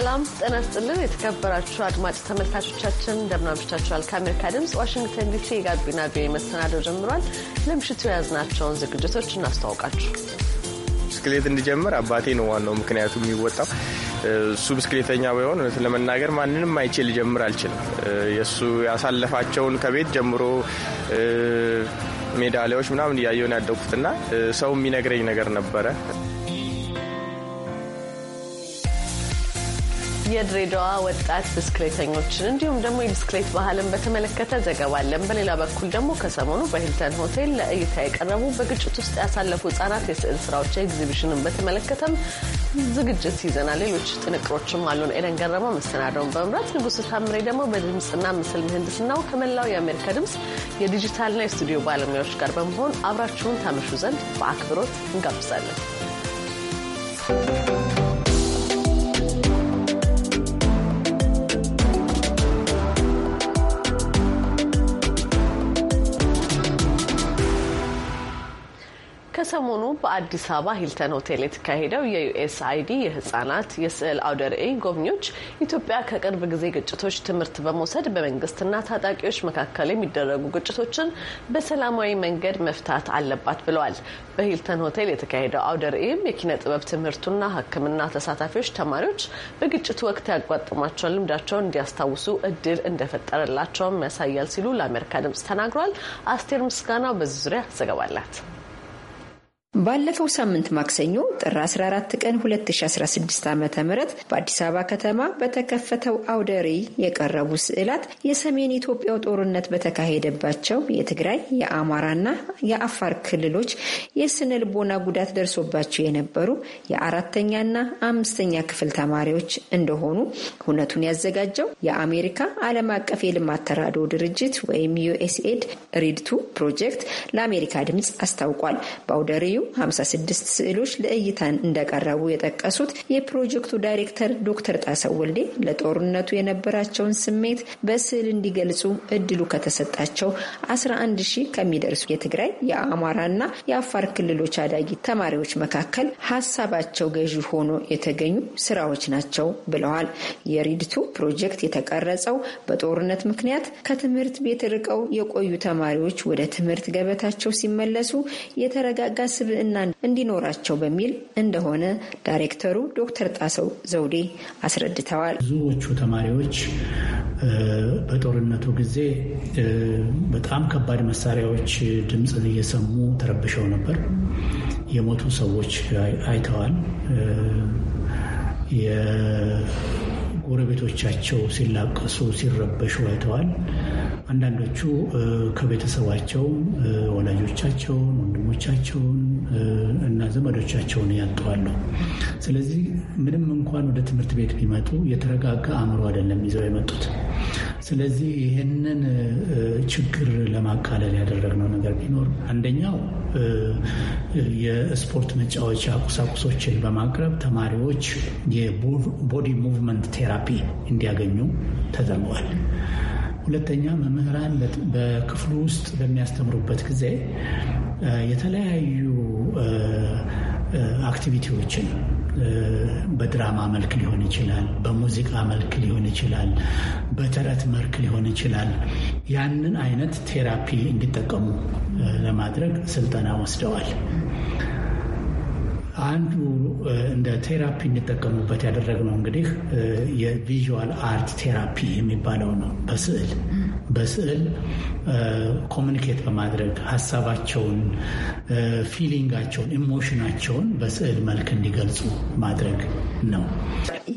ሰላም ጤና ይስጥልን። የተከበራችሁ አድማጭ ተመልካቾቻችን እንደምን አምሽታችኋል? ከአሜሪካ ድምፅ ዋሽንግተን ዲሲ የጋቢና ቢ መሰናዶ ጀምሯል። ለምሽቱ የያዝናቸውን ዝግጅቶች እናስተዋውቃችሁ። ብስክሌት እንዲጀምር አባቴ ነው ዋናው ምክንያቱ የሚወጣው እሱ ብስክሌተኛ ቢሆን እውነት ለመናገር ማንንም አይቼ ሊጀምር አልችልም። የእሱ ያሳለፋቸውን ከቤት ጀምሮ ሜዳሊያዎች ምናምን እያየውን ያደኩትና ሰው የሚነግረኝ ነገር ነበረ የድሬዳዋ ወጣት ብስክሌተኞችን እንዲሁም ደግሞ የብስክሌት ባህልን በተመለከተ ዘገባ አለን። በሌላ በኩል ደግሞ ከሰሞኑ በሂልተን ሆቴል ለእይታ የቀረቡ በግጭት ውስጥ ያሳለፉ ህጻናት የስዕል ስራዎች ኤግዚቢሽንን በተመለከተም ዝግጅት ይዘናል። ሌሎች ጥንቅሮችም አሉን። ኤደን ገረመው መሰናደውን በመምራት ንጉሱ ታምሬ ደግሞ በድምፅና ምስል ምህንድስናው ከመላው የአሜሪካ ድምፅ የዲጂታልና የስቱዲዮ ባለሙያዎች ጋር በመሆን አብራችሁን ታመሹ ዘንድ በአክብሮት እንጋብዛለን። ከሰሞኑ በአዲስ አበባ ሂልተን ሆቴል የተካሄደው የዩኤስአይዲ የህጻናት የስዕል አውደ ርዕይ ጎብኚዎች ኢትዮጵያ ከቅርብ ጊዜ ግጭቶች ትምህርት በመውሰድ በመንግስትና ታጣቂዎች መካከል የሚደረጉ ግጭቶችን በሰላማዊ መንገድ መፍታት አለባት ብለዋል። በሂልተን ሆቴል የተካሄደው አውደ ርዕይም የኪነ ጥበብ ትምህርቱና ሕክምና ተሳታፊዎች ተማሪዎች በግጭቱ ወቅት ያጓጠሟቸውን ልምዳቸውን እንዲያስታውሱ እድል እንደፈጠረላቸውም ያሳያል ሲሉ ለአሜሪካ ድምጽ ተናግሯል። አስቴር ምስጋናው በዚህ ዙሪያ ዘገባ አላት። ባለፈው ሳምንት ማክሰኞ ጥር 14 ቀን 2016 ዓ ም በአዲስ አበባ ከተማ በተከፈተው አውደሪ የቀረቡ ስዕላት የሰሜን ኢትዮጵያው ጦርነት በተካሄደባቸው የትግራይ የአማራና የአፋር ክልሎች የስነ ልቦና ጉዳት ደርሶባቸው የነበሩ የአራተኛና አምስተኛ ክፍል ተማሪዎች እንደሆኑ እውነቱን ያዘጋጀው የአሜሪካ ዓለም አቀፍ የልማት ተራድኦ ድርጅት ወይም ዩኤስኤድ ሪድቱ ፕሮጀክት ለአሜሪካ ድምፅ አስታውቋል። በአውደ 56 ስዕሎች ለእይታን እንደቀረቡ የጠቀሱት የፕሮጀክቱ ዳይሬክተር ዶክተር ጣሰው ወልዴ ለጦርነቱ የነበራቸውን ስሜት በስዕል እንዲገልጹ እድሉ ከተሰጣቸው 11 ሺህ ከሚደርሱ የትግራይ የአማራና የአፋር ክልሎች አዳጊ ተማሪዎች መካከል ሀሳባቸው ገዢ ሆኖ የተገኙ ስራዎች ናቸው ብለዋል። የሪድቱ ፕሮጀክት የተቀረጸው በጦርነት ምክንያት ከትምህርት ቤት ርቀው የቆዩ ተማሪዎች ወደ ትምህርት ገበታቸው ሲመለሱ የተረጋጋ ስብ ስብዕና እንዲኖራቸው በሚል እንደሆነ ዳይሬክተሩ ዶክተር ጣሰው ዘውዴ አስረድተዋል። ብዙዎቹ ተማሪዎች በጦርነቱ ጊዜ በጣም ከባድ መሳሪያዎች ድምፅን እየሰሙ ተረብሸው ነበር። የሞቱ ሰዎች አይተዋል። ጎረቤቶቻቸው ሲላቀሱ ሲረበሹ አይተዋል። አንዳንዶቹ ከቤተሰባቸው ወላጆቻቸውን፣ ወንድሞቻቸውን እና ዘመዶቻቸውን ያጠዋሉ። ስለዚህ ምንም እንኳን ወደ ትምህርት ቤት ቢመጡ የተረጋጋ አእምሮ አይደለም ይዘው የመጡት። ስለዚህ ይህንን ችግር ለማቃለል ያደረግነው ነገር ቢኖር አንደኛው የስፖርት መጫወቻ ቁሳቁሶችን በማቅረብ ተማሪዎች የቦዲ ሙቭመንት ቴራፒ እንዲያገኙ ተደርጓል። ሁለተኛ መምህራን በክፍሉ ውስጥ በሚያስተምሩበት ጊዜ የተለያዩ አክቲቪቲዎችን በድራማ መልክ ሊሆን ይችላል፣ በሙዚቃ መልክ ሊሆን ይችላል፣ በተረት መልክ ሊሆን ይችላል። ያንን አይነት ቴራፒ እንዲጠቀሙ ለማድረግ ስልጠና ወስደዋል። አንዱ እንደ ቴራፒ እንጠቀሙበት ያደረግነው እንግዲህ የቪዥዋል አርት ቴራፒ የሚባለው ነው። በስዕል በስዕል ኮሚኒኬት በማድረግ ሀሳባቸውን፣ ፊሊንጋቸውን፣ ኢሞሽናቸውን በስዕል መልክ እንዲገልጹ ማድረግ ነው።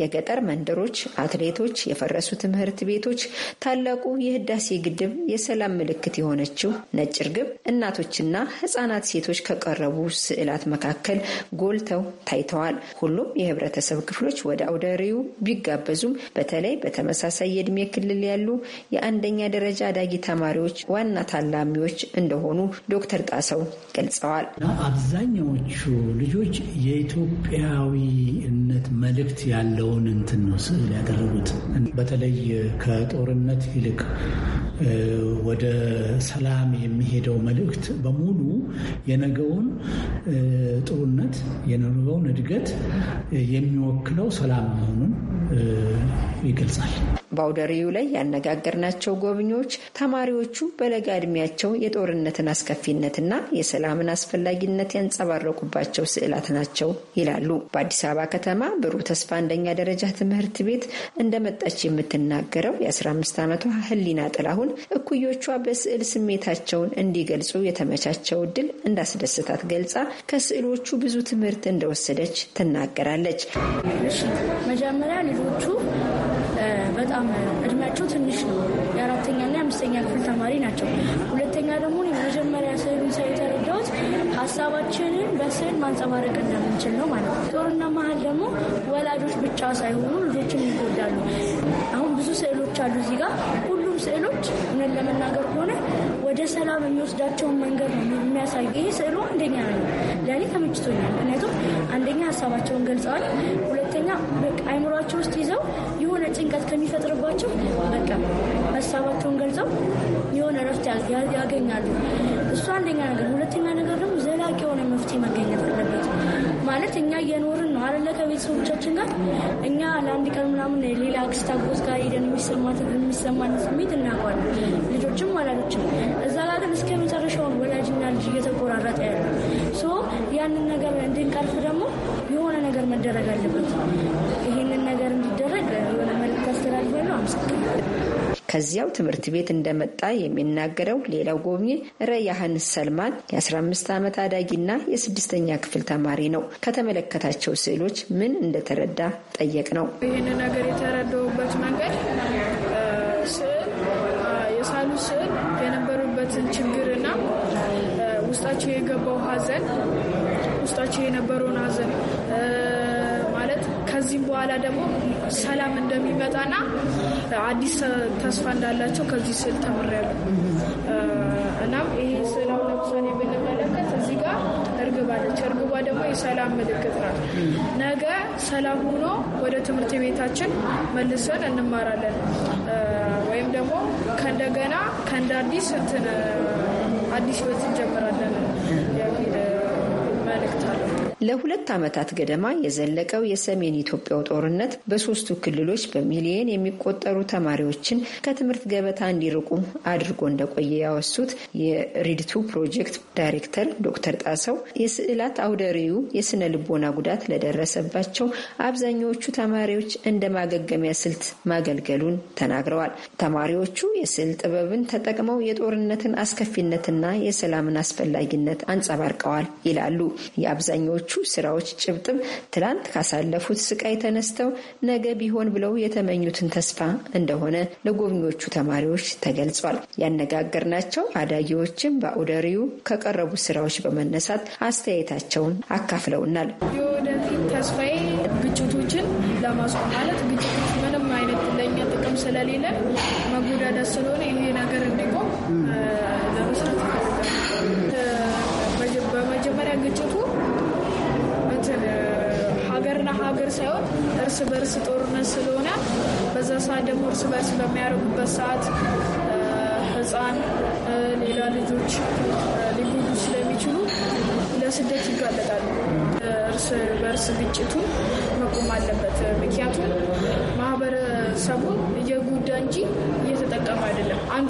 የገጠር መንደሮች፣ አትሌቶች፣ የፈረሱ ትምህርት ቤቶች፣ ታላቁ የህዳሴ ግድብ፣ የሰላም ምልክት የሆነችው ነጭ እርግብ፣ እናቶችና ህጻናት ሴቶች ከቀረቡ ስዕላት መካከል ጎልተው ታይተዋል። ሁሉም የህብረተሰብ ክፍሎች ወደ አውደ ርዕዩ ቢጋበዙም በተለይ በተመሳሳይ የእድሜ ክልል ያሉ የአንደኛ ደረጃ አዳጊ ተማሪዎች ዋና ታላሚዎች እንደሆኑ ዶክተር ጣሰው ገልጸዋል። አብዛኛዎቹ ልጆች የኢትዮጵያዊነት መልእክት ያለውን እንትን ነው ስዕል ያደረጉት። በተለይ ከጦርነት ይልቅ ወደ ሰላም የሚሄደው መልእክት በሙሉ የነገውን ጥሩነት፣ የነገውን እድገት የሚወክለው ሰላም መሆኑን ይገልጻል። ባውደሪው ላይ ያነጋገርናቸው ጎብኚዎች ተማሪዎቹ በለጋ ዕድሜያቸው የጦርነትን አስከፊነትና የሰላምን አስፈላጊነት ያንጸባረቁባቸው ስዕላት ናቸው ይላሉ። በአዲስ አበባ ከተማ ብሩህ ተስፋ አንደኛ ደረጃ ትምህርት ቤት እንደመጣች የምትናገረው የ15 ዓመቷ ህሊና ጥላሁን እኩዮቿ በስዕል ስሜታቸውን እንዲገልጹ የተመቻቸው እድል እንዳስደስታት ገልጻ ከስዕሎቹ ብዙ ትምህርት እንደወሰደች ትናገራለች። መጀመሪያ ልጆቹ በጣም እድሜያቸው ትንሽ ነው። የአራተኛና የአምስተኛ ክፍል ተማሪ ናቸው። ሁለተኛ ደግሞ የመጀመሪያ ስዕሉን ሳይ የተረዳሁት ሀሳባችንን በስዕል ማንጸባረቅ እንደምንችል ነው ማለት ነው። ጦርና መሀል ደግሞ ወላጆች ብቻ ሳይሆኑ ልጆችም ይጎዳሉ። አሁን ብዙ ስዕሎች አሉ እዚህ ጋር ሁሉም ስዕሎች እውነት ለመናገር ከሆነ ወደ ሰላም የሚወስዳቸውን መንገድ ነው የሚያሳዩ። ይሄ ስዕሉ አንደኛ ነው ለእኔ ተመችቶኛል። ምክንያቱም አንደኛ ሀሳባቸውን ገልጸዋል፣ ሁለተኛ አይምሯቸው ውስጥ ይዘው ጭንቀት ከሚፈጥርባቸው በቃ ሀሳባቸውን ገልጸው የሆነ ረፍት ያገኛሉ። እሱ አንደኛ ነገር። ሁለተኛ ነገር ደግሞ ዘላቂ የሆነ መፍትሄ መገኘት አለበት። ማለት እኛ እየኖርን ነው አለ ከቤተሰቦቻችን ጋር እኛ ለአንድ ቀን ምናምን ሌላ አክስት አጎት ጋር ሄደን የሚሰማን ስሜት እናውቀዋለን። ልጆችም ወላጆችም እዛ ጋር ግን እስከ መጨረሻውን ወላጅና ልጅ እየተቆራረጠ ያለ ሶ ያንን ነገር እንድንቀርፍ ደግሞ የሆነ ነገር መደረግ አለበት። ይህንን ነገር ከዚያው ትምህርት ቤት እንደመጣ የሚናገረው ሌላው ጎብኚ ረያህን ሰልማን የ15 ዓመት አዳጊና የስድስተኛ ክፍል ተማሪ ነው። ከተመለከታቸው ስዕሎች ምን እንደተረዳ ጠየቅ ነው። ይህን ነገር የተረዳውበት መንገድ ስዕል የሳሉ ስዕል የነበሩበትን ችግርና ውስጣቸው የገባው ሀዘን ውስጣቸው የነበረውን ሀዘን? በኋላ ደግሞ ሰላም እንደሚመጣና አዲስ ተስፋ እንዳላቸው ከዚህ ስል ተምሬያለሁ። እናም ይሄ ስዕል አሁን ለምሳሌ ብንመለከት እዚህ ጋር እርግብ አለች። እርግቧ ደግሞ የሰላም ምልክት ናት። ነገ ሰላም ሆኖ ወደ ትምህርት ቤታችን መልሰን እንማራለን ወይም ደግሞ ከእንደገና ከእንደ አዲስ አዲስ ህይወት እንጀምራለን የሚል ለሁለት ዓመታት ገደማ የዘለቀው የሰሜን ኢትዮጵያው ጦርነት በሶስቱ ክልሎች በሚሊዮን የሚቆጠሩ ተማሪዎችን ከትምህርት ገበታ እንዲርቁ አድርጎ እንደቆየ ያወሱት የሪድቱ ፕሮጀክት ዳይሬክተር ዶክተር ጣሰው የስዕላት አውደሪው የስነ ልቦና ጉዳት ለደረሰባቸው አብዛኛዎቹ ተማሪዎች እንደ ማገገሚያ ስልት ማገልገሉን ተናግረዋል። ተማሪዎቹ የስዕል ጥበብን ተጠቅመው የጦርነትን አስከፊነትና የሰላምን አስፈላጊነት አንጸባርቀዋል ይላሉ። የአብዛኛዎቹ ስራዎች ጭብጥም ትላንት ካሳለፉት ስቃይ ተነስተው ነገ ቢሆን ብለው የተመኙትን ተስፋ እንደሆነ ለጎብኚዎቹ ተማሪዎች ተገልጿል። ያነጋገርናቸው አዳጊዎችም በአውደ ርዕዩ ከቀረቡ ስራዎች በመነሳት አስተያየታቸውን አካፍለውናል። የወደፊት ተስፋዬ ግጭቶችን ለማስቆም ማለት ግጭቶች ምንም አይነት ለኛ ጥቅም ስለሌለ መጎዳዳት ስለሆነ ይሄ ነገር እንዲቆም ሳይሆን እርስ በርስ ጦርነት ስለሆነ በዛ ሰዓት ደግሞ እርስ በርስ በሚያደርጉበት ሰዓት ህፃን ሌላ ልጆች ሊጎዱ ስለሚችሉ ለስደት ይጋለጣሉ። እርስ በርስ ግጭቱን መቆም አለበት። ምክንያቱም ማህበረሰቡ እየጎዳ እንጂ እየተጠቀመ አይደለም። አንዱ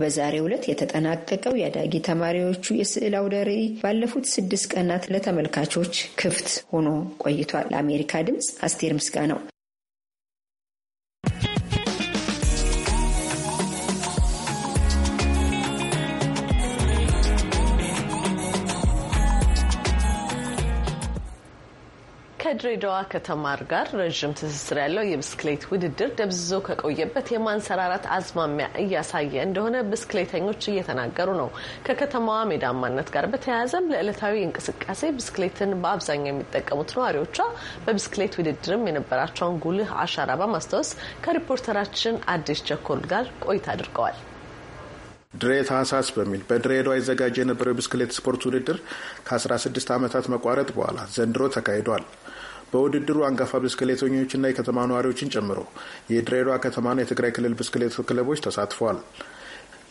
በዛሬው ዕለት የተጠናቀቀው የአዳጊ ተማሪዎቹ የስዕል አውደ ርዕይ ባለፉት ስድስት ቀናት ለተመልካቾች ክፍት ሆኖ ቆይቷል። ለአሜሪካ ድምፅ አስቴር ነው። ከድሬዳዋ ከተማር ጋር ረዥም ትስስር ያለው የብስክሌት ውድድር ደብዝዞ ከቆየበት የማንሰራራት አዝማሚያ እያሳየ እንደሆነ ብስክሌተኞች እየተናገሩ ነው። ከከተማዋ ሜዳማነት ጋር በተያያዘም ለዕለታዊ እንቅስቃሴ ብስክሌትን በአብዛኛው የሚጠቀሙት ነዋሪዎቿ በብስክሌት ውድድርም የነበራቸውን ጉልህ አሻራ በማስታወስ ከሪፖርተራችን አዲስ ቸኮል ጋር ቆይታ አድርገዋል። ድሬ ታህሳስ በሚል በድሬዳዋ ይዘጋጀ የነበረው የብስክሌት ስፖርት ውድድር ከ16 ዓመታት መቋረጥ በኋላ ዘንድሮ ተካሂዷል። በውድድሩ አንጋፋ ብስክሌተኞችና የከተማ ነዋሪዎችን ጨምሮ የድሬዳዋ ከተማና የትግራይ ክልል ብስክሌት ክለቦች ተሳትፈዋል።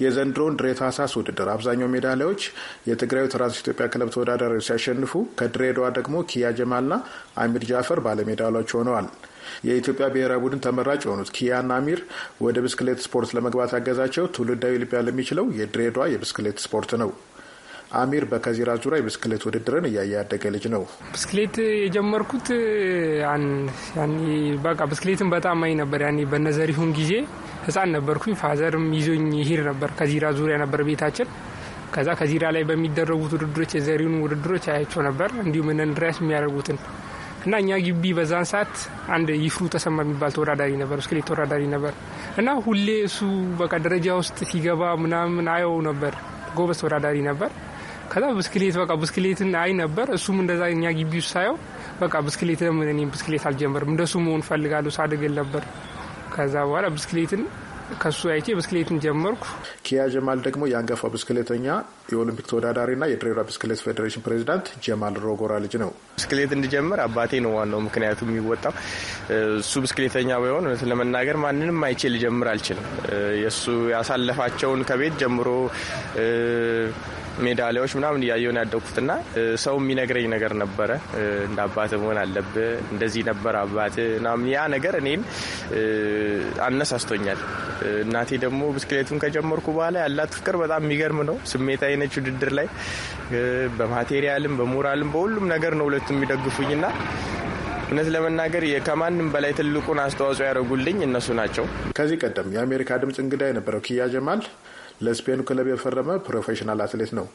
የዘንድሮውን ድሬ ታህሳስ ውድድር አብዛኛው ሜዳሊያዎች የትግራዩ ትራንስ ኢትዮጵያ ክለብ ተወዳዳሪዎች ሲያሸንፉ፣ ከድሬዳዋ ደግሞ ኪያ ጀማልና አሚር ጃፈር ባለሜዳሊያዎች ሆነዋል። የኢትዮጵያ ብሔራዊ ቡድን ተመራጭ የሆኑት ኪያና አሚር ወደ ብስክሌት ስፖርት ለመግባት ያገዛቸው ትውልዳዊ ልቢያ ለሚችለው የድሬዳዋ የብስክሌት ስፖርት ነው። አሚር በከዚራ ዙሪያ የብስክሌት ውድድርን እያየ ያደገ ልጅ ነው። ብስክሌት የጀመርኩት በቃ ብስክሌትን በጣም አይ ነበር። ያኔ በነዘሪሁን ጊዜ ህፃን ነበርኩኝ። ፋዘርም ይዞኝ ይሄድ ነበር። ከዚራ ዙሪያ ነበር ቤታችን። ከዛ ከዚራ ላይ በሚደረጉት ውድድሮች የዘሪሁን ውድድሮች አያቸው ነበር፣ እንዲሁም እንድሪያስ የሚያደርጉትን እና እኛ ግቢ በዛን ሰዓት አንድ ይፍሩ ተሰማ የሚባል ተወዳዳሪ ነበር፣ ብስክሌት ተወዳዳሪ ነበር። እና ሁሌ እሱ በቃ ደረጃ ውስጥ ሲገባ ምናምን አየው ነበር። ጎበዝ ተወዳዳሪ ነበር። ከዛ ብስክሌት በቃ ብስክሌትን አይ ነበር። እሱም እንደዛ እኛ ግቢ ውስጥ ሳየው በቃ ብስክሌት ለምን እኔ ብስክሌት አልጀመርም እንደሱ መሆን ፈልጋለሁ ሳድግል ነበር። ከዛ በኋላ ብስክሌትን ከሱ አይቼ ብስክሌትን ጀመርኩ። ኪያ ጀማል ደግሞ የአንጋፋ ብስክሌተኛ የኦሎምፒክ ተወዳዳሪና የድሬዳዋ ብስክሌት ፌዴሬሽን ፕሬዚዳንት ጀማል ሮጎራ ልጅ ነው። ብስክሌት እንዲጀምር አባቴ ነው ዋናው ምክንያቱ የሚወጣው። እሱ ብስክሌተኛ ባይሆን እውነት ለመናገር ማንንም አይቼ ልጀምር አልችልም። የእሱ ያሳለፋቸውን ከቤት ጀምሮ ሜዳሊያዎች ምናምን እያየውን ያደኩትና ሰው የሚነግረኝ ነገር ነበረ። እንደ አባት መሆን አለብ እንደዚህ ነበር አባት ምናምን። ያ ነገር እኔን አነሳስቶኛል። እናቴ ደግሞ ብስክሌቱን ከጀመርኩ በኋላ ያላት ፍቅር በጣም የሚገርም ነው። ስሜት አይነች ውድድር ላይ በማቴሪያልም በሞራልም በሁሉም ነገር ነው ሁለቱ የሚደግፉኝና እውነት ለመናገር ከማንም በላይ ትልቁን አስተዋጽኦ ያደረጉልኝ እነሱ ናቸው። ከዚህ ቀደም የአሜሪካ ድምፅ እንግዳ የነበረው ኪያ ጀማል ለስፔኑ ክለብ የፈረመ ፕሮፌሽናል አትሌት ነው።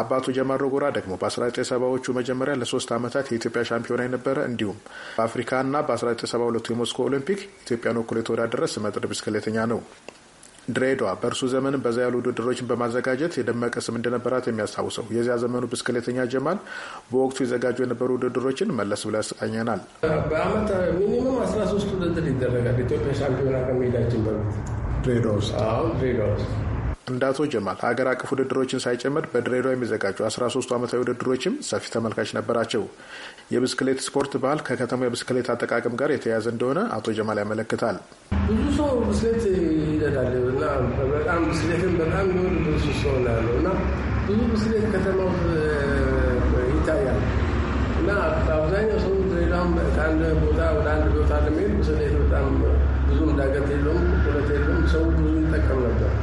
አባቱ ጀማሮ ጎራ ደግሞ በ1970ዎቹ መጀመሪያ ለሶስት ዓመታት የኢትዮጵያ ሻምፒዮና የነበረ እንዲሁም በአፍሪካና በ1972 የሞስኮ ኦሎምፒክ ኢትዮጵያን ወክሎ የተወዳደረ ስመጥር ብስክሌተኛ ነው። ድሬዳዋ በእርሱ ዘመን በዛ ያሉ ውድድሮችን በማዘጋጀት የደመቀ ስም እንደነበራት የሚያስታውሰው የዚያ ዘመኑ ብስክሌተኛ ጀማል በወቅቱ ይዘጋጁ የነበሩ ውድድሮችን መለስ ብሎ ያስቃኘናል። በአመት ሚኒመም 13 ውድድር ይደረጋል። ኢትዮጵያ ሻምፒዮና ከመሄዳችን በፊት ውስጥ ድሬዳዋ ውስጥ እንደ አቶ ጀማል ሀገር አቀፍ ውድድሮችን ሳይጨምር በድሬዳዋ የሚዘጋጁ 13ቱ ዓመታዊ ውድድሮችም ሰፊ ተመልካች ነበራቸው። የብስክሌት ስፖርት ባህል ከከተማው የብስክሌት አጠቃቀም ጋር የተያያዘ እንደሆነ አቶ ጀማል ያመለክታል። ብዙ ሰው ብስክሌት ይነዳል እና በጣም ብስክሌትን በጣም ይወድ ብዙ ሰው ያለው እና ብዙ ብስክሌት ከተማ ይታያል እና አብዛኛው ሰው ድሬዳዋም ከአንድ ቦታ ወደ አንድ ቦታ ለመሄድ ብስክሌት በጣም ብዙ እንዳገት የለውም፣ ቁለት የለውም። ሰው ብዙ ይጠቀም ነበር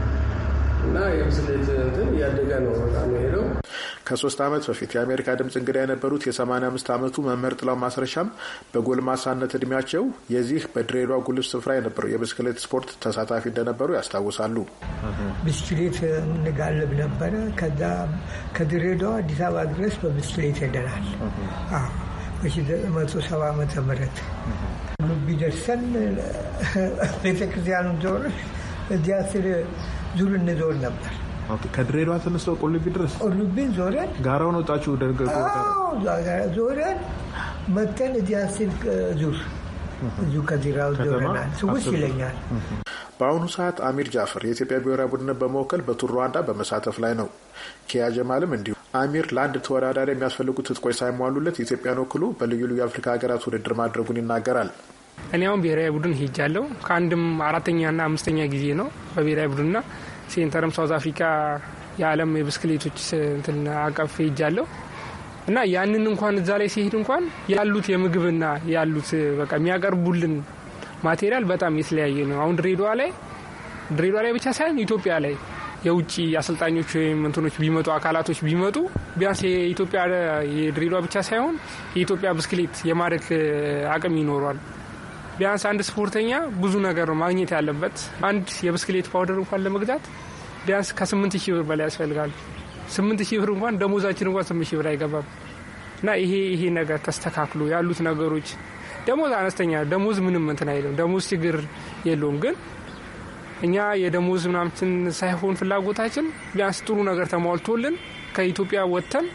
እና የብስሌት እንትን እያደገ ነው በጣም ሄደው ከሶስት ዓመት በፊት የአሜሪካ ድምፅ እንግዳ የነበሩት የ አምስት ዓመቱ መምህር ጥላው ማስረሻም በጎልማሳነት እድሜያቸው የዚህ በድሬዷ ጉልፍ ስፍራ የነበረው የብስክሌት ስፖርት ተሳታፊ እንደነበሩ ያስታውሳሉ። ብስክሌት እንጋልብ ነበረ። ከዛ ከድሬዷ አዲስ አበባ ድረስ በብስክሌት ሄደናል። በ1970 ዓመተ ምህረት ቢደርሰን ቤተክርስቲያኑ ዞር እዚያ ስር ዙር እንዞር ነበር። ከድሬዳዋ ተነስተው ቁልቢ ድረስ ቁልቢን ዞረን ጋራውን ወጣችሁ ዞረን መተን እዚያ ስልክ ዙር ብዙ ከዚራው ዞረናል። ስውስ ይለኛል። በአሁኑ ሰዓት አሚር ጃፈር የኢትዮጵያ ብሔራዊ ቡድንን በመወከል በቱር ሩዋንዳ በመሳተፍ ላይ ነው። ኪያ ጀማልም እንዲሁ አሚር ለአንድ ተወዳዳሪ የሚያስፈልጉት ትጥቆች ሳይሟሉለት ኢትዮጵያን ወክሎ በልዩ ልዩ የአፍሪካ ሀገራት ውድድር ማድረጉን ይናገራል። እኔ አሁን ብሔራዊ ቡድን ሄጃለሁ። ከአንድም አራተኛና አምስተኛ ጊዜ ነው በብሔራዊ ቡድንና ሴንተርም ሳውዝ አፍሪካ የዓለም የብስክሌቶች እንትን አቀፍ ሄጃለሁ እና ያንን እንኳን እዛ ላይ ሲሄድ እንኳን ያሉት የምግብና ያሉት በቃ የሚያቀርቡልን ማቴሪያል በጣም የተለያየ ነው። አሁን ድሬዳዋ ላይ ድሬዳዋ ላይ ብቻ ሳይሆን ኢትዮጵያ ላይ የውጭ አሰልጣኞች ወይም እንትኖች ቢመጡ አካላቶች ቢመጡ ቢያንስ የኢትዮጵያ የድሬዳዋ ብቻ ሳይሆን የኢትዮጵያ ብስክሌት የማደግ አቅም ይኖሯል። ቢያንስ አንድ ስፖርተኛ ብዙ ነገር ነው ማግኘት ያለበት። አንድ የብስክሌት ፓውደር እንኳን ለመግዛት ቢያንስ ከስምንት ሺህ ብር በላይ ያስፈልጋል። ስምንት ሺህ ብር እንኳን ደሞዛችን እንኳን ስምንት ሺህ ብር አይገባም። እና ይሄ ይሄ ነገር ተስተካክሎ ያሉት ነገሮች ደሞዝ አነስተኛ ደሞዝ ምንም እንትን አይልም። ደሞዝ ችግር የለውም ግን እኛ የደሞዝ ምናምትን ሳይሆን ፍላጎታችን ቢያንስ ጥሩ ነገር ተሟልቶልን ከኢትዮጵያ ወጥተን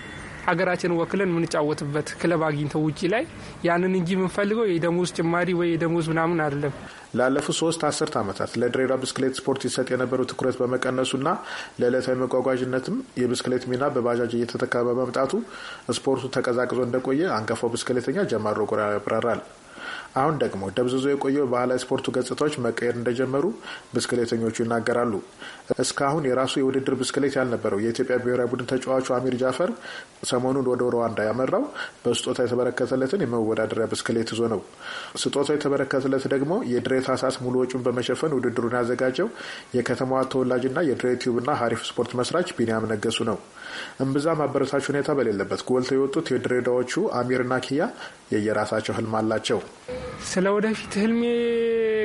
ሀገራችን ወክለን የምንጫወትበት ክለብ አግኝተው ውጪ ላይ ያንን እንጂ የምንፈልገው የደሞዝ ጭማሪ ወይ የደሞዝ ምናምን አይደለም። ላለፉት ሶስት አስርት ዓመታት ለድሬዳዋ ብስክሌት ስፖርት ይሰጥ የነበረው ትኩረት በመቀነሱና ለዕለታዊ መጓጓዥነትም የብስክሌት ሚና በባጃጅ እየተተካ በመምጣቱ ስፖርቱ ተቀዛቅዞ እንደቆየ አንጋፋው ብስክሌተኛ ጀማሮ ጎራ ያብራራል። አሁን ደግሞ ደብዝዞ የቆየው ባህላዊ ስፖርቱ ገጽታዎች መቀየር እንደጀመሩ ብስክሌተኞቹ ይናገራሉ። እስካሁን የራሱ የውድድር ብስክሌት ያልነበረው የኢትዮጵያ ብሔራዊ ቡድን ተጫዋቹ አሚር ጃፈር ሰሞኑን ወደ ሩዋንዳ ያመራው በስጦታ የተበረከተለትን የመወዳደሪያ ብስክሌት ይዞ ነው። ስጦታ የተበረከተለት ደግሞ የድሬ ታህሳስ ሙሉ ወጪውን በመሸፈን ውድድሩን ያዘጋጀው የከተማዋ ተወላጅና የድሬ ቲዩብና ሀሪፍ ስፖርት መስራች ቢንያም ነገሱ ነው። እምብዛም አበረታች ሁኔታ በሌለበት ጎልተው የወጡት የድሬዳዎቹ አሚርና ኪያ የየራሳቸው ህልም አላቸው። ስለ ወደፊት ህልሜ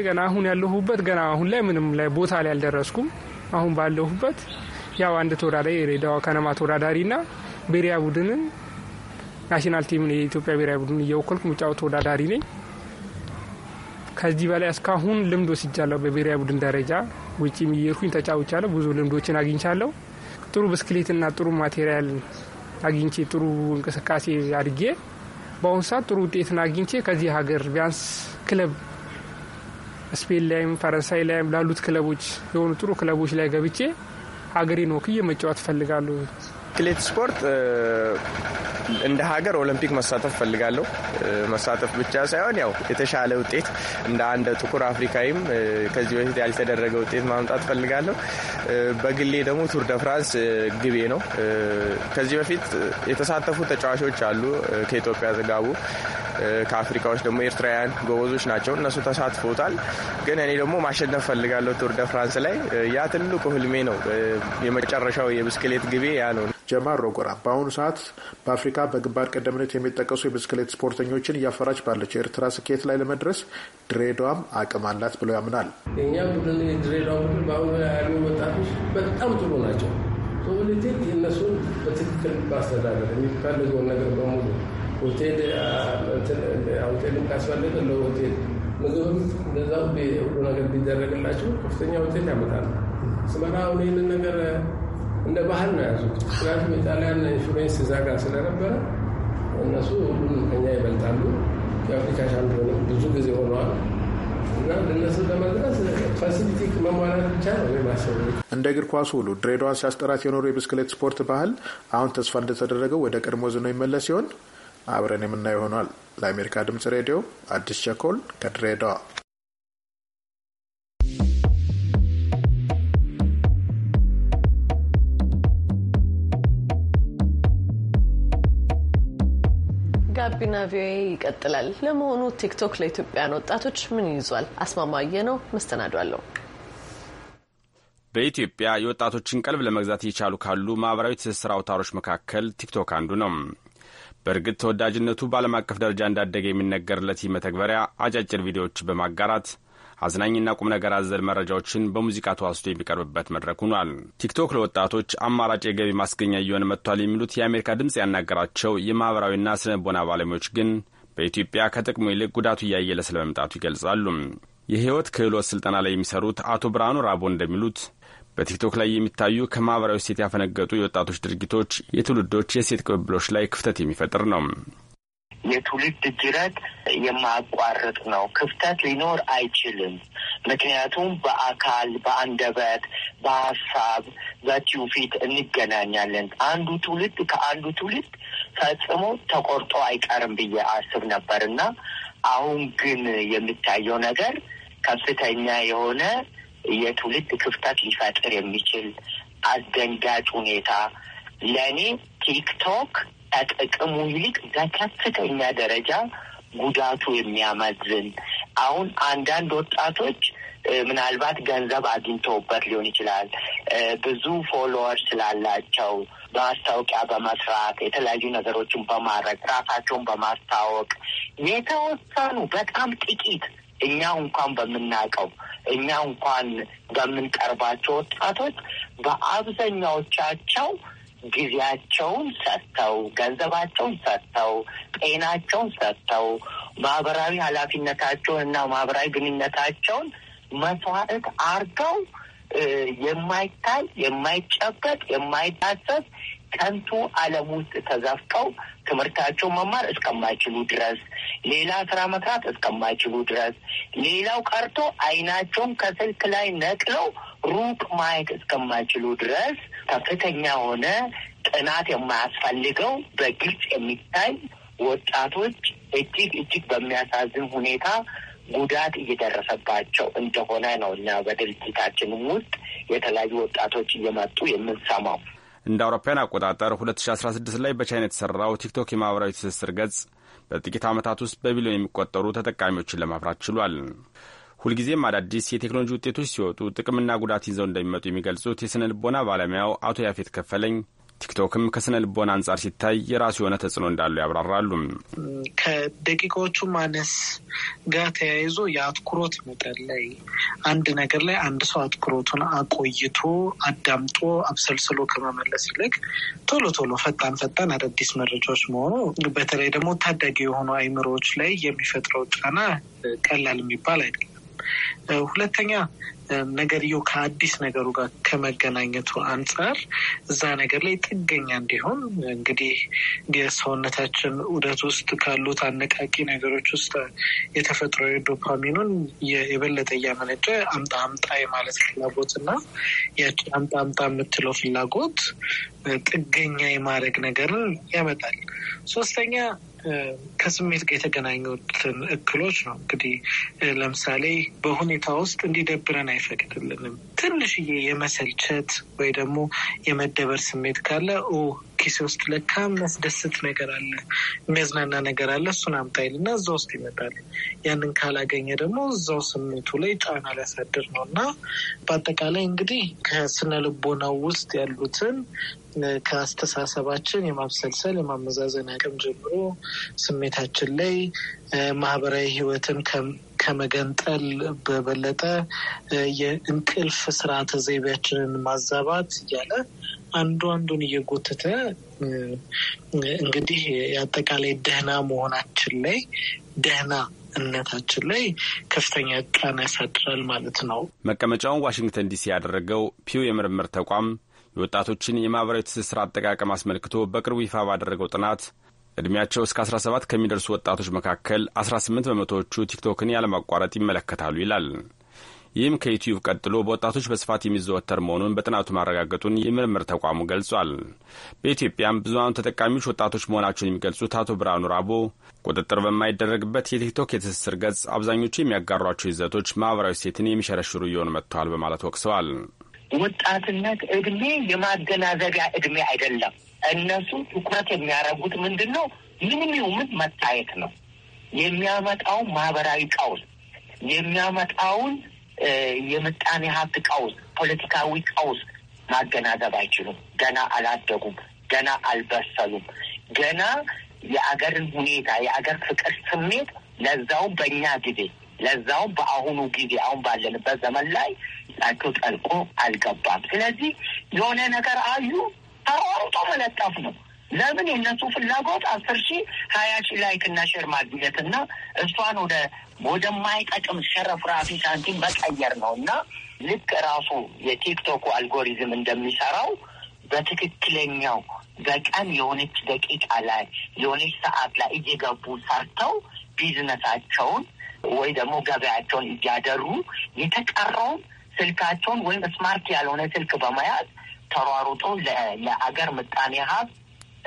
ገና አሁን ያለሁበት ገና አሁን ላይ ምንም ላይ ቦታ ላይ አልደረስኩም። አሁን ባለሁበት ያው አንድ ተወዳዳሪ የድሬዳዋ ከነማ ተወዳዳሪና ብሔራዊ ቡድንን ናሽናል ቲምን የኢትዮጵያ ብሔራዊ ቡድን እየወከልኩ የሚጫወት ተወዳዳሪ ነኝ። ከዚህ በላይ እስካሁን ልምድ ወስጃለሁ። በብሔራዊ ቡድን ደረጃ ውጭ የሚየርኩኝ ተጫውቻለሁ። ብዙ ልምዶችን አግኝቻለሁ። ጥሩ ብስክሌትና ጥሩ ማቴሪያል አግኝቼ ጥሩ እንቅስቃሴ አድጌ በአሁኑ ሰዓት ጥሩ ውጤትን አግኝቼ ከዚህ ሀገር ቢያንስ ክለብ ስፔን ላይም ፈረንሳይ ላይም ላሉት ክለቦች የሆኑ ጥሩ ክለቦች ላይ ገብቼ ነው ክዬ መጫወት እፈልጋለሁ። ብስክሌት ስፖርት እንደ ሀገር ኦሎምፒክ መሳተፍ ፈልጋለሁ መሳተፍ ብቻ ሳይሆን ያው የተሻለ ውጤት እንደ አንድ ጥቁር አፍሪካዊም ከዚህ በፊት ያልተደረገ ውጤት ማምጣት ፈልጋለሁ። በግሌ ደግሞ ቱር ደ ፍራንስ ግቤ ነው። ከዚህ በፊት የተሳተፉ ተጫዋቾች አሉ። ከኢትዮጵያ ዘጋቡ ከአፍሪካዎች ደግሞ ኤርትራውያን ጎበዞች ናቸው። እነሱ ተሳትፎታል። ግን እኔ ደግሞ ማሸነፍ ፈልጋለሁ ቱር ደ ፍራንስ ላይ ያ ትልቁ ህልሜ ነው። የመጨረሻው የብስክሌት ግቤ ያ ነው። ጀማ ሮጎራ በአሁኑ ሰዓት በአፍሪካ በግንባር ቀደምነት የሚጠቀሱ የብስክሌት ስፖርተኞችን እያፈራች ባለችው የኤርትራ ስኬት ላይ ለመድረስ ድሬዳዋም አቅም አላት ብሎ ያምናል። የእኛ ቡድን የድሬዳዋ ቡድን በአሁኑ ያሉ ወጣቶች በጣም ጥሩ ናቸው። ፖለቲክ እነሱን በትክክል ባስተዳደር የሚፈልገውን ነገር በሙሉ ሆቴል ሆቴልም ካስፈለገ ለሆቴል ምግብም እንደዛው ሁሉ ነገር ቢደረግላቸው ከፍተኛ ሆቴል ያመጣል። ስመራ ይህንን ነገር እንደ ባህል ነው ያዙት። ምክንያቱም የጣሊያን ኢንሹሬንስ እዛ ጋር ስለነበረ እነሱ ሁሉም ከኛ ይበልጣሉ። የአፍሪካ ሻምፒዮን ብዙ ጊዜ ሆነዋል። እንደ እግር ኳስ ሁሉ ድሬዳዋ ሲያስጠራት የኖሩ የብስክሌት ስፖርት ባህል አሁን ተስፋ እንደተደረገው ወደ ቀድሞ ዝኖ ይመለስ ሲሆን አብረን የምናየው ይሆናል። ለአሜሪካ ድምጽ ሬዲዮ አዲስ ቸኮል ከድሬዳዋ ጋቢና ቪኦኤ ይቀጥላል። ለመሆኑ ቲክቶክ ለኢትዮጵያውያን ወጣቶች ምን ይዟል? አስማማየ ነው መስተናዶ በኢትዮጵያ የወጣቶችን ቀልብ ለመግዛት እየቻሉ ካሉ ማኅበራዊ ትስስር አውታሮች መካከል ቲክቶክ አንዱ ነው። በእርግጥ ተወዳጅነቱ በዓለም አቀፍ ደረጃ እንዳደገ የሚነገርለት ይህ መተግበሪያ አጫጭር ቪዲዮዎች በማጋራት አዝናኝና ቁም ነገር አዘል መረጃዎችን በሙዚቃ ተዋስቶ የሚቀርብበት መድረክ ሆኗል። ቲክቶክ ለወጣቶች አማራጭ የገቢ ማስገኛ እየሆነ መጥቷል የሚሉት የአሜሪካ ድምፅ ያናገራቸው የማኅበራዊና ስነ ልቦና ባለሙያዎች ግን በኢትዮጵያ ከጥቅሙ ይልቅ ጉዳቱ እያየለ መምጣቱ ይገልጻሉ። የህይወት ክህሎት ስልጠና ላይ የሚሰሩት አቶ ብርሃኑ ራቦ እንደሚሉት በቲክቶክ ላይ የሚታዩ ከማኅበራዊ ሴት ያፈነገጡ የወጣቶች ድርጊቶች የትውልዶች የሴት ቅብብሎች ላይ ክፍተት የሚፈጥር ነው። የትውልድ ጅረት የማያቋርጥ ነው። ክፍተት ሊኖር አይችልም። ምክንያቱም በአካል በአንደበት፣ በሀሳብ፣ ፊት እንገናኛለን። አንዱ ትውልድ ከአንዱ ትውልድ ፈጽሞ ተቆርጦ አይቀርም ብዬ አስብ ነበር እና አሁን ግን የሚታየው ነገር ከፍተኛ የሆነ የትውልድ ክፍተት ሊፈጥር የሚችል አስደንጋጭ ሁኔታ ለእኔ ቲክቶክ ከጥቅሙ ይልቅ በከፍተኛ ደረጃ ጉዳቱ የሚያመዝን አሁን አንዳንድ ወጣቶች ምናልባት ገንዘብ አግኝተውበት ሊሆን ይችላል። ብዙ ፎሎወር ስላላቸው በማስታወቂያ በመስራት የተለያዩ ነገሮችን በማድረግ ራሳቸውን በማስታወቅ የተወሰኑ በጣም ጥቂት እኛ እንኳን በምናውቀው እኛ እንኳን በምንቀርባቸው ወጣቶች በአብዛኛዎቻቸው ጊዜያቸውን ሰጥተው ገንዘባቸውን ሰጥተው ጤናቸውን ሰጥተው ማህበራዊ ኃላፊነታቸውን እና ማህበራዊ ግንኙነታቸውን መስዋዕት አርገው የማይታይ የማይጨበጥ የማይታሰብ ከንቱ ዓለም ውስጥ ተዘፍቀው ትምህርታቸውን መማር እስከማይችሉ ድረስ ሌላ ስራ መስራት እስከማይችሉ ድረስ ሌላው ቀርቶ አይናቸውን ከስልክ ላይ ነቅለው ሩቅ ማየት እስከማይችሉ ድረስ ከፍተኛ የሆነ ጥናት የማያስፈልገው በግልጽ የሚታይ ወጣቶች እጅግ እጅግ በሚያሳዝን ሁኔታ ጉዳት እየደረሰባቸው እንደሆነ ነው እና በድርጅታችንም ውስጥ የተለያዩ ወጣቶች እየመጡ የምንሰማው። እንደ አውሮፓውያን አቆጣጠር 2016 ላይ በቻይና የተሰራው ቲክቶክ የማህበራዊ ትስስር ገጽ በጥቂት ዓመታት ውስጥ በቢሊዮን የሚቆጠሩ ተጠቃሚዎችን ለማፍራት ችሏል። ሁልጊዜም አዳዲስ የቴክኖሎጂ ውጤቶች ሲወጡ ጥቅምና ጉዳት ይዘው እንደሚመጡ የሚገልጹት የሥነ ልቦና ባለሙያው አቶ ያፌት ከፈለኝ ቲክቶክም ከስነ ልቦና አንጻር ሲታይ የራሱ የሆነ ተጽዕኖ እንዳለው ያብራራሉ። ከደቂቃዎቹ ማነስ ጋር ተያይዞ የአትኩሮት መጠን ላይ አንድ ነገር ላይ አንድ ሰው አትኩሮቱን አቆይቶ አዳምጦ አብሰልስሎ ከመመለስ ይልቅ ቶሎ ቶሎ ፈጣን ፈጣን አዳዲስ መረጃዎች መሆኑ በተለይ ደግሞ ታዳጊ የሆኑ አይምሮዎች ላይ የሚፈጥረው ጫና ቀላል የሚባል አይደለም። ሁለተኛ ነገርየው ከአዲስ ነገሩ ጋር ከመገናኘቱ አንጻር እዛ ነገር ላይ ጥገኛ እንዲሆን እንግዲህ የሰውነታችን ውደት ውስጥ ካሉት አነቃቂ ነገሮች ውስጥ የተፈጥሮ ዶፓሚኑን የበለጠ እያመነጨ አምጣ አምጣ የማለት ፍላጎት እና ያቺ አምጣ አምጣ የምትለው ፍላጎት ጥገኛ የማድረግ ነገርን ያመጣል። ሶስተኛ ከስሜት ጋር የተገናኙትን እክሎች ነው። እንግዲህ ለምሳሌ በሁኔታ ውስጥ እንዲደብረን ትንሽ ትንሽዬ የመሰልቸት ወይ ደግሞ የመደበር ስሜት ካለ ኦ ኪሴ ውስጥ ለካ የሚያስደስት ነገር አለ፣ የሚያዝናና ነገር አለ፣ እሱን አምጣ ይልና እዛ ውስጥ ይመጣል። ያንን ካላገኘ ደግሞ እዛው ስሜቱ ላይ ጫና ሊያሳድር ነው እና በአጠቃላይ እንግዲህ ከስነ ልቦናው ውስጥ ያሉትን ከአስተሳሰባችን የማብሰልሰል የማመዛዘን አቅም ጀምሮ ስሜታችን ላይ ማህበራዊ ህይወትን ከመገንጠል በበለጠ የእንቅልፍ ስርዓተ ዘይቤያችንን ማዛባት እያለ አንዱ አንዱን እየጎተተ እንግዲህ የአጠቃላይ ደህና መሆናችን ላይ ደህና እምነታችን ላይ ከፍተኛ ጫና ያሳድራል ማለት ነው። መቀመጫውን ዋሽንግተን ዲሲ ያደረገው ፒው የምርምር ተቋም የወጣቶችን የማህበራዊ ትስስር አጠቃቀም አስመልክቶ በቅርቡ ይፋ ባደረገው ጥናት ዕድሜያቸው እስከ 17 ከሚደርሱ ወጣቶች መካከል 18 በመቶዎቹ ቲክቶክን ያለማቋረጥ ይመለከታሉ ይላል። ይህም ከዩትዩብ ቀጥሎ በወጣቶች በስፋት የሚዘወተር መሆኑን በጥናቱ ማረጋገጡን የምርምር ተቋሙ ገልጿል። በኢትዮጵያም ብዙሃኑ ተጠቃሚዎች ወጣቶች መሆናቸውን የሚገልጹት አቶ ብርሃኑ ራቦ ቁጥጥር በማይደረግበት የቲክቶክ የትስስር ገጽ አብዛኞቹ የሚያጋሯቸው ይዘቶች ማህበራዊ ሴትን የሚሸረሽሩ እየሆኑ መጥተዋል በማለት ወቅሰዋል። ወጣትነት እድሜ የማገናዘቢያ እድሜ አይደለም። እነሱ ትኩረት የሚያደርጉት ምንድን ነው? ምንም ይሁን መታየት ነው የሚያመጣውን ማህበራዊ ቀውስ የሚያመጣውን የምጣኔ ሀብት ቀውስ፣ ፖለቲካዊ ቀውስ ማገናዘብ አይችሉም። ገና አላደጉም። ገና አልበሰሉም። ገና የአገርን ሁኔታ የአገር ፍቅር ስሜት ለዛውም በእኛ ጊዜ ለዛውም በአሁኑ ጊዜ አሁን ባለንበት ዘመን ላይ ጠልቆ አልገባም። ስለዚህ የሆነ ነገር አዩ ተሯሩጦ መለጠፍ ነው። ለምን የእነሱ ፍላጎት አስር ሺህ ሀያ ሺህ ላይክ እና ሼር ማግኘት እና እሷን ወደ ወደማይጠቅም ሸረፍራፊ ሳንቲም መቀየር ነው እና ልክ ራሱ የቲክቶኩ አልጎሪዝም እንደሚሰራው በትክክለኛው በቀን የሆነች ደቂቃ ላይ የሆነች ሰዓት ላይ እየገቡ ሰርተው ቢዝነሳቸውን ወይ ደግሞ ገበያቸውን እያደሩ የተቀረውን ስልካቸውን ወይም ስማርት ያልሆነ ስልክ በመያዝ ተሯሩጦ ለአገር ምጣኔ ሀብት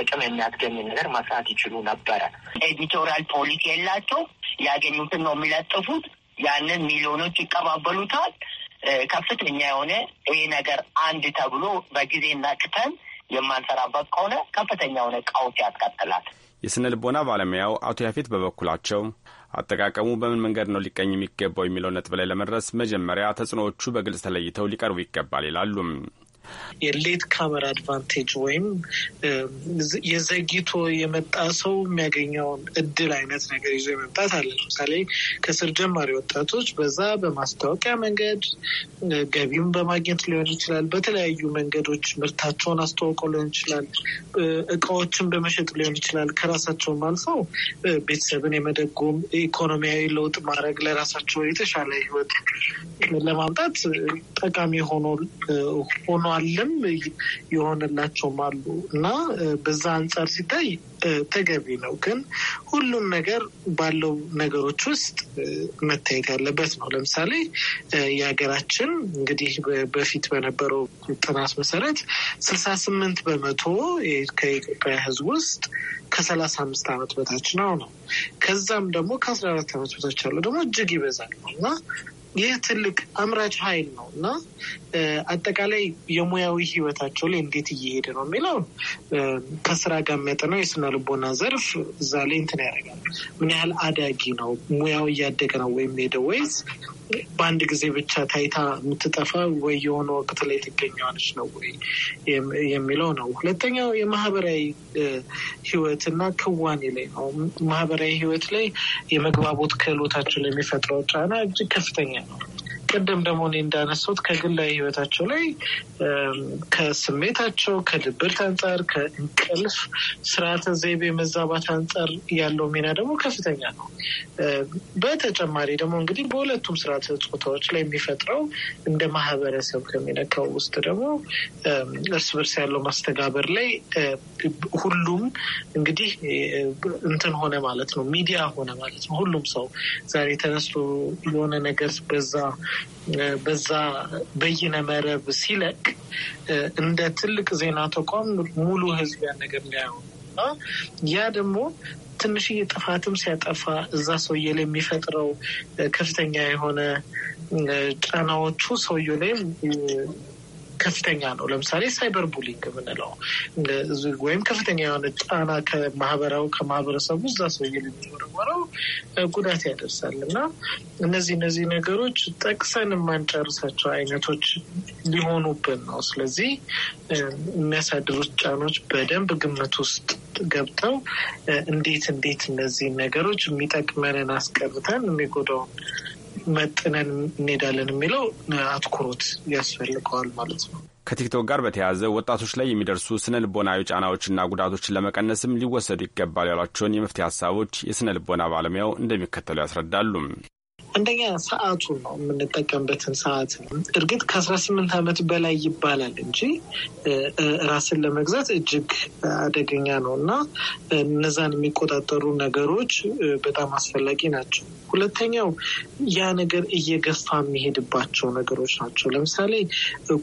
ጥቅም የሚያስገኝ ነገር መስራት ይችሉ ነበረ። ኤዲቶሪያል ፖሊሲ የላቸው። ያገኙትን ነው የሚለጥፉት። ያንን ሚሊዮኖች ይቀባበሉታል። ከፍተኛ የሆነ ይሄ ነገር አንድ ተብሎ በጊዜ ቅተን የማንሰራበት ከሆነ ከፍተኛ የሆነ ቀውስ ያስቀጥላል። የስነ ልቦና ባለሙያው አቶ ያፌት በበኩላቸው አጠቃቀሙ በምን መንገድ ነው ሊቀኝ የሚገባው የሚለው ነጥብ ላይ ለመድረስ መጀመሪያ ተጽዕኖዎቹ በግልጽ ተለይተው ሊቀርቡ ይገባል ይላሉም። የሌት ካመር አድቫንቴጅ ወይም የዘግይቶ የመጣ ሰው የሚያገኘውን እድል አይነት ነገር ይዞ የመምጣት አለ። ለምሳሌ ከስር ጀማሪ ወጣቶች በዛ በማስታወቂያ መንገድ ገቢም በማግኘት ሊሆን ይችላል። በተለያዩ መንገዶች ምርታቸውን አስተዋውቀው ሊሆን ይችላል። እቃዎችን በመሸጥ ሊሆን ይችላል። ከራሳቸውም አልፈው ቤተሰብን የመደጎም ኢኮኖሚያዊ ለውጥ ማድረግ ለራሳቸው የተሻለ ህይወት ለማምጣት ጠቃሚ ሆኖ ሆኗል አለም የሆነላቸውም አሉ እና በዛ አንጻር ሲታይ ተገቢ ነው። ግን ሁሉም ነገር ባለው ነገሮች ውስጥ መታየት ያለበት ነው። ለምሳሌ የሀገራችን እንግዲህ በፊት በነበረው ጥናት መሰረት ስልሳ ስምንት በመቶ ከኢትዮጵያ ሕዝብ ውስጥ ከሰላሳ አምስት ዓመት በታች ነው ነው ከዛም ደግሞ ከአስራ አራት ዓመት በታች ያለው ደግሞ እጅግ ይበዛል ነው እና ይህ ትልቅ አምራች ኃይል ነው እና አጠቃላይ የሙያዊ ህይወታቸው ላይ እንዴት እየሄደ ነው የሚለው ከስራ ጋር የሚያጠናው የስነ ልቦና ዘርፍ እዛ ላይ እንትን ያደርጋል። ምን ያህል አዳጊ ነው ሙያው እያደገ ነው ወይም ሄደ ወይስ በአንድ ጊዜ ብቻ ታይታ የምትጠፋ ወይ የሆነ ወቅት ላይ ትገኘዋለች ነው ወይ የሚለው ነው። ሁለተኛው የማህበራዊ ህይወትና ክዋኔ ላይ ነው። ማህበራዊ ህይወት ላይ የመግባቦት ክህሎታችን የሚፈጥረው ጫና እጅግ ከፍተኛ ነው። ቅድም ደግሞ እኔ እንዳነሱት ከግላዊ ህይወታቸው ላይ ከስሜታቸው ከድብርት አንጻር ከእንቅልፍ ስርዓተ ዘይቤ መዛባት አንጻር ያለው ሚና ደግሞ ከፍተኛ ነው። በተጨማሪ ደግሞ እንግዲህ በሁለቱም ስርዓተ ጾታዎች ላይ የሚፈጥረው እንደ ማህበረሰብ ከሚነካው ውስጥ ደግሞ እርስ በርስ ያለው ማስተጋበር ላይ ሁሉም እንግዲህ እንትን ሆነ ማለት ነው፣ ሚዲያ ሆነ ማለት ነው። ሁሉም ሰው ዛሬ ተነስቶ የሆነ ነገር በዛ በዛ በይነ መረብ ሲለቅ እንደ ትልቅ ዜና ተቋም ሙሉ ህዝብ ያነገር ሊያየው እና ያ ደግሞ ትንሽዬ ጥፋትም ሲያጠፋ እዛ ሰውዬ ላይ የሚፈጥረው ከፍተኛ የሆነ ጫናዎቹ ሰውዬ ላይ ከፍተኛ ነው። ለምሳሌ ሳይበር ቡሊንግ የምንለው ወይም ከፍተኛ የሆነ ጫና ከማህበራዊ ከማህበረሰቡ እዛ ሰው የሚወረወረው ጉዳት ያደርሳል እና እነዚህ እነዚህ ነገሮች ጠቅሰን የማንጨርሳቸው አይነቶች ሊሆኑብን ነው። ስለዚህ የሚያሳድሩት ጫኖች በደንብ ግምት ውስጥ ገብተው እንዴት እንዴት እነዚህ ነገሮች የሚጠቅመንን አስቀርተን የሚጎዳውን መጥነን እንሄዳለን የሚለው አትኩሮት ያስፈልገዋል ማለት ነው። ከቲክቶክ ጋር በተያያዘ ወጣቶች ላይ የሚደርሱ ስነ ልቦናዊ ጫናዎችና ጉዳቶችን ለመቀነስም ሊወሰዱ ይገባል ያሏቸውን የመፍትሄ ሀሳቦች የስነ ልቦና ባለሙያው እንደሚከተሉ ያስረዳሉ። አንደኛ ሰዓቱ ነው የምንጠቀምበትን ሰዓት ነው። እርግጥ ከአስራ ስምንት ዓመት በላይ ይባላል እንጂ ራስን ለመግዛት እጅግ አደገኛ ነው እና እነዛን የሚቆጣጠሩ ነገሮች በጣም አስፈላጊ ናቸው። ሁለተኛው ያ ነገር እየገፋ የሚሄድባቸው ነገሮች ናቸው። ለምሳሌ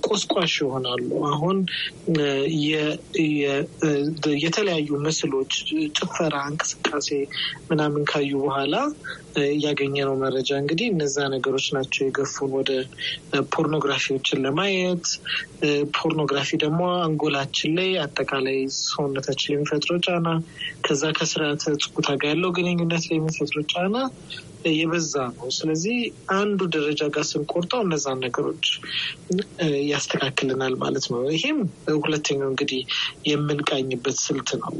ቆስቋሽ ይሆናሉ። አሁን የተለያዩ ምስሎች፣ ጭፈራ፣ እንቅስቃሴ ምናምን ካዩ በኋላ ያገኘነው መረጃ እንግዲህ እነዛ ነገሮች ናቸው የገፉን ወደ ፖርኖግራፊዎችን ለማየት። ፖርኖግራፊ ደግሞ አንጎላችን ላይ አጠቃላይ ሰውነታችን የሚፈጥረው ጫና፣ ከዛ ከስርዓተ ጾታ ጋር ያለው ግንኙነት ላይ የሚፈጥረው ጫና የበዛ ነው። ስለዚህ አንዱ ደረጃ ጋር ስንቆርጠው እነዛን ነገሮች ያስተካክልናል ማለት ነው። ይሄም ሁለተኛው እንግዲህ የምንቃኝበት ስልት ነው።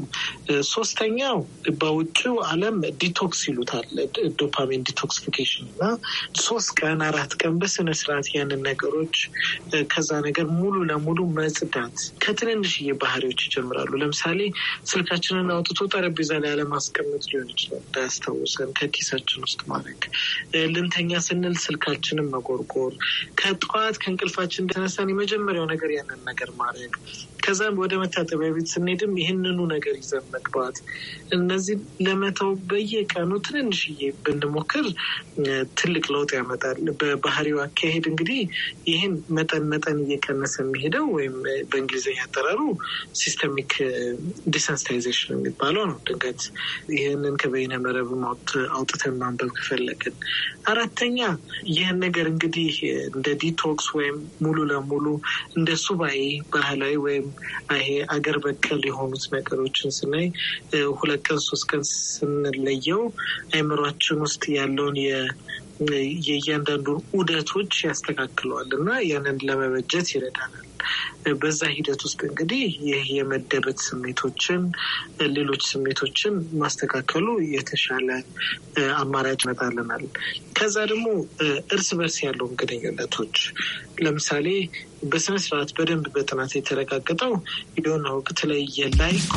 ሶስተኛው በውጭው ዓለም ዲቶክስ ይሉታል፣ ዶፓሚን ዲቶክሲፊኬሽን እና ሶስት ቀን አራት ቀን በስነ ስርዓት ያንን ነገሮች ከዛ ነገር ሙሉ ለሙሉ መጽዳት ከትንንሽዬ ባህሪዎች ይጀምራሉ። ለምሳሌ ስልካችንን አውጥቶ ጠረጴዛ ላይ አለማስቀመጥ ሊሆን ይችላል፣ እንዳያስታውሰን ከኪሳችን ውስጥ ማድረግ። ልንተኛ ስንል ስልካችንን መቆርቆር ከጠዋት ከእንቅልፋችን ተነሳን የመጀመሪያው ነገር ያንን ነገር ማድረግ፣ ከዛም ወደ መታጠቢያ ቤት ስንሄድም ይህንኑ ነገር ይዘን መግባት፣ እነዚህ ለመተው በየቀኑ ትንንሽዬ ብንሞክር ትልቅ ለውጥ ያመጣል። በባህሪው አካሄድ እንግዲህ ይህን መጠን መጠን እየቀነሰ የሚሄደው ወይም በእንግሊዝኛ አጠራሩ ሲስተሚክ ዲሰንስታይዜሽን የሚባለው ነው። ድንገት ይህንን ከበይነ መረብ አውጥተን ማንበብ ፈለግን። አራተኛ ይህን ነገር እንግዲህ እንደ ዲቶክስ ወይም ሙሉ ለሙሉ እንደ ሱባኤ ባህላዊ ወይም ይሄ አገር በቀል የሆኑት ነገሮችን ስናይ ሁለት ቀን ሶስት ቀን ስንለየው አይምሯችን ውስጥ ያለውን የእያንዳንዱን ዑደቶች ያስተካክለዋል እና ያንን ለመበጀት ይረዳናል። በዛ ሂደት ውስጥ እንግዲህ ይህ የመደበት ስሜቶችን፣ ሌሎች ስሜቶችን ማስተካከሉ የተሻለ አማራጭ መጣልናል። ከዛ ደግሞ እርስ በርስ ያለውን ግንኙነቶች ለምሳሌ በስነስርዓት በደንብ በጥናት የተረጋገጠው የሆነ ወቅት ላይ የላይክ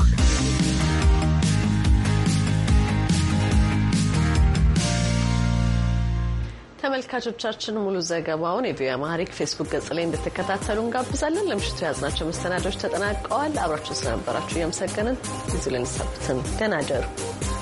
ተመልካቾቻችን ሙሉ ዘገባውን የቪኦኤ አማሪክ ፌስቡክ ገጽ ላይ እንድትከታተሉ እንጋብዛለን። ለምሽቱ የያዝናቸው መሰናዶች ተጠናቀዋል። አብራችሁ ስለነበራችሁ እያመሰገንን እዚሁ ልንሰብትን ደናደሩ